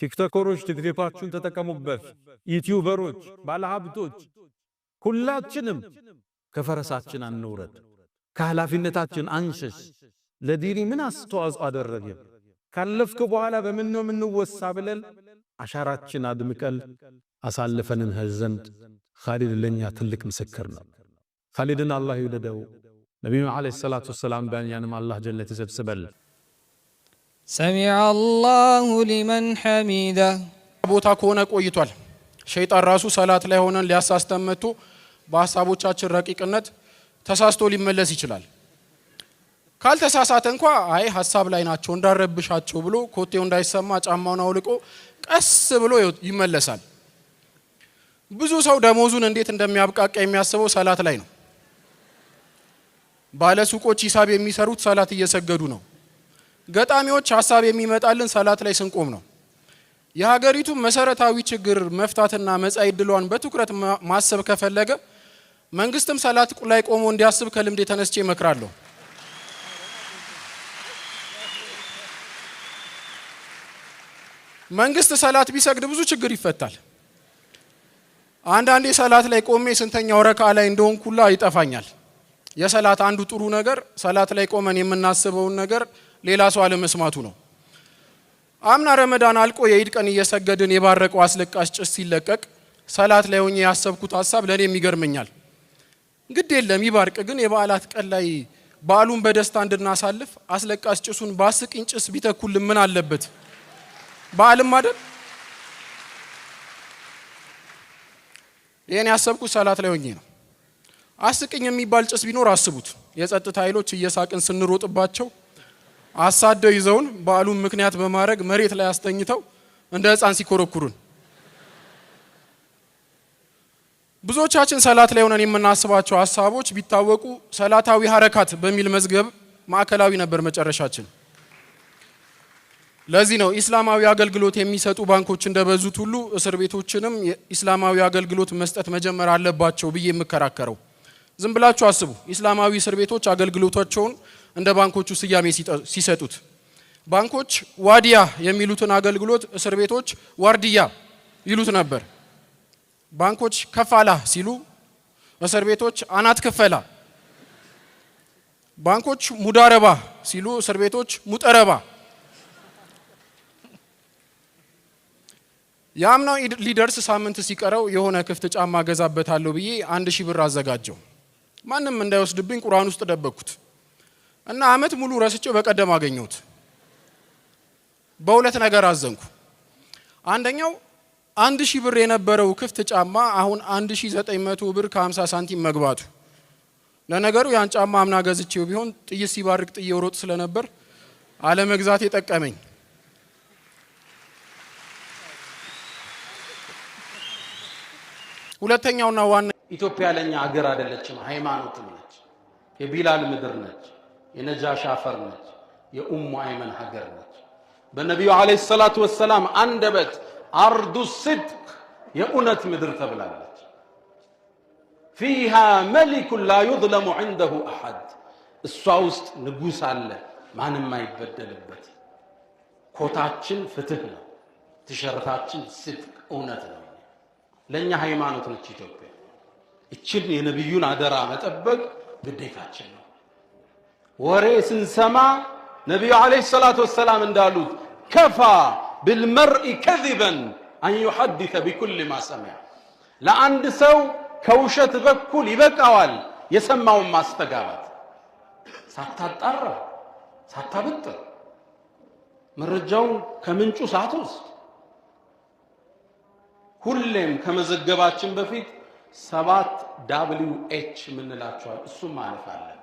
ቲክቶከሮች ቲክቶካችሁን ተጠቀሙበት። ዩቲዩበሮች፣ ባለሀብቶች ሁላችንም ከፈረሳችን አንውረድ፣ ከኃላፊነታችን አንሸሽ። ለዲኒ ምን አስተዋጽኦ አደረግን? ካለፍክ በኋላ በምን ነው የምንወሳ ብለን አሻራችን አድምቀን አሳልፈን እንሄድ ዘንድ ኻሊድ ለእኛ ትልቅ ምስክር ነው። ኻሊድን አላህ ይውደደው። ነቢዩ ዓለይሂ ሰላቱ ወሰላም በእኛንም አላህ ጀነት ይሰብስበል። ሰሚዐ አላሁ ሊመን ሐሚዳ ቦታ ከሆነ ቆይቷል። ሸይጣን ራሱ ሰላት ላይ ሆነን ሊያሳስተን መጥቶ በሀሳቦቻችን ረቂቅነት ተሳስቶ ሊመለስ ይችላል። ካልተሳሳተ እንኳ አይ ሀሳብ ላይ ናቸው እንዳረብሻቸው ብሎ ኮቴው እንዳይሰማ ጫማውን አውልቆ ቀስ ብሎ ይመለሳል። ብዙ ሰው ደሞዙን እንዴት እንደሚያብቃቃ የሚያስበው ሰላት ላይ ነው። ባለ ሱቆች ሂሳብ የሚሰሩት ሰላት እየሰገዱ ነው። ገጣሚዎች ሀሳብ የሚመጣልን ሰላት ላይ ስንቆም ነው። የሀገሪቱ መሰረታዊ ችግር መፍታትና መጻኢ ዕድሏን በትኩረት ማሰብ ከፈለገ መንግስትም ሰላት ላይ ቆሞ እንዲያስብ ከልምድ የተነስቼ እመክራለሁ። መንግስት ሰላት ቢሰግድ ብዙ ችግር ይፈታል። አንዳንዴ ሰላት ላይ ቆሜ ስንተኛው ረካ ላይ እንደሆንኩላ ይጠፋኛል። የሰላት አንዱ ጥሩ ነገር ሰላት ላይ ቆመን የምናስበውን ነገር ሌላ ሰው አለመስማቱ ነው። አምና ረመዳን አልቆ የኢድ ቀን እየሰገድን የባረቀው አስለቃሽ ጭስ ሲለቀቅ ሰላት ላይ ሆኜ ያሰብኩት ሀሳብ ለእኔም ይገርመኛል። ግድ የለም ይባርቅ፣ ግን የበዓላት ቀን ላይ በዓሉን በደስታ እንድናሳልፍ አስለቃሽ ጭሱን በአስቂኝ ጭስ ቢተኩልን ምን አለበት? በዓልም አይደል? ይህን ያሰብኩት ሰላት ላይ ሆኜ ነው። አስቅኝ የሚባል ጭስ ቢኖር አስቡት። የጸጥታ ኃይሎች እየሳቅን ስንሮጥባቸው አሳደው ይዘውን በዓሉን ምክንያት በማድረግ መሬት ላይ አስተኝተው እንደ ህፃን ሲኮረኩሩን ብዙዎቻችን ሰላት ላይ ሆነን የምናስባቸው ሀሳቦች ቢታወቁ ሰላታዊ ሀረካት በሚል መዝገብ ማዕከላዊ ነበር መጨረሻችን። ለዚህ ነው ኢስላማዊ አገልግሎት የሚሰጡ ባንኮች እንደበዙት ሁሉ እስር ቤቶችንም የኢስላማዊ አገልግሎት መስጠት መጀመር አለባቸው ብዬ የምከራከረው። ዝም ብላችሁ አስቡ። ኢስላማዊ እስር ቤቶች አገልግሎታቸውን እንደ ባንኮቹ ስያሜ ሲሰጡት ባንኮች ዋዲያ የሚሉትን አገልግሎት እስር ቤቶች ዋርድያ ይሉት ነበር። ባንኮች ከፋላ ሲሉ እስር ቤቶች አናት ክፈላ፣ ባንኮች ሙዳረባ ሲሉ እስር ቤቶች ሙጠረባ። የአምናው ሊደርስ ሳምንት ሲቀረው የሆነ ክፍት ጫማ ገዛበታለሁ ብዬ አንድ ሺህ ብር አዘጋጀው። ማንም እንዳይወስድብኝ ቁርአን ውስጥ ደበቅኩት እና አመት ሙሉ ረስቼው በቀደም አገኘሁት። በሁለት ነገር አዘንኩ። አንደኛው አንድ ሺህ ብር የነበረው ክፍት ጫማ አሁን አንድ ሺህ ዘጠኝ መቶ ብር ከ50 ሳንቲም መግባቱ። ለነገሩ ያን ጫማ አምና ገዝቼው ቢሆን ጥይት ሲባርቅ ጥዬ ሮጥ ስለነበር አለመግዛት የጠቀመኝ ሁለተኛውና ዋና ኢትዮጵያ ለኛ አገር አይደለችም፣ ሃይማኖትም ነች። የቢላል ምድር ነች፣ የነጃሽ አፈር ነች፣ የኡሙ አይመን ሀገር ነች። በነቢዩ ዓለይሂ ሰላቱ ወሰላም አንደበት አርዱ ስድቅ የእውነት ምድር ተብላለች። ፊሃ መሊኩን ላ ዩዝለሙ ዐንደሁ አሐድ እሷ ውስጥ ንጉሥ አለ ማንም አይበደልበት። ኮታችን ፍትህ ነው፣ ቲሸርታችን ስድቅ እውነት ነው። ለእኛ ሃይማኖት ነች ኢትዮጵያ። እችን የነቢዩን አደራ መጠበቅ ግዴታችን ነው። ወሬ ስንሰማ ነቢዩ ዓለይሂ ሰላቱ ወሰላም እንዳሉት ከፋ ብልመርኢ ከዚበን አን ዩሐዲተ ቢኩል ማ ሰሚዐ፣ ለአንድ ሰው ከውሸት በኩል ይበቃዋል የሰማውን ማስተጋባት። ሳታጣራ ሳታበጥር መረጃውን ከምንጩ ሳትወስድ ሁሌም ከመዘገባችን በፊት ሰባት ዳብሊው ኤች የምንላቸዋል እሱም ማለፍ አለን።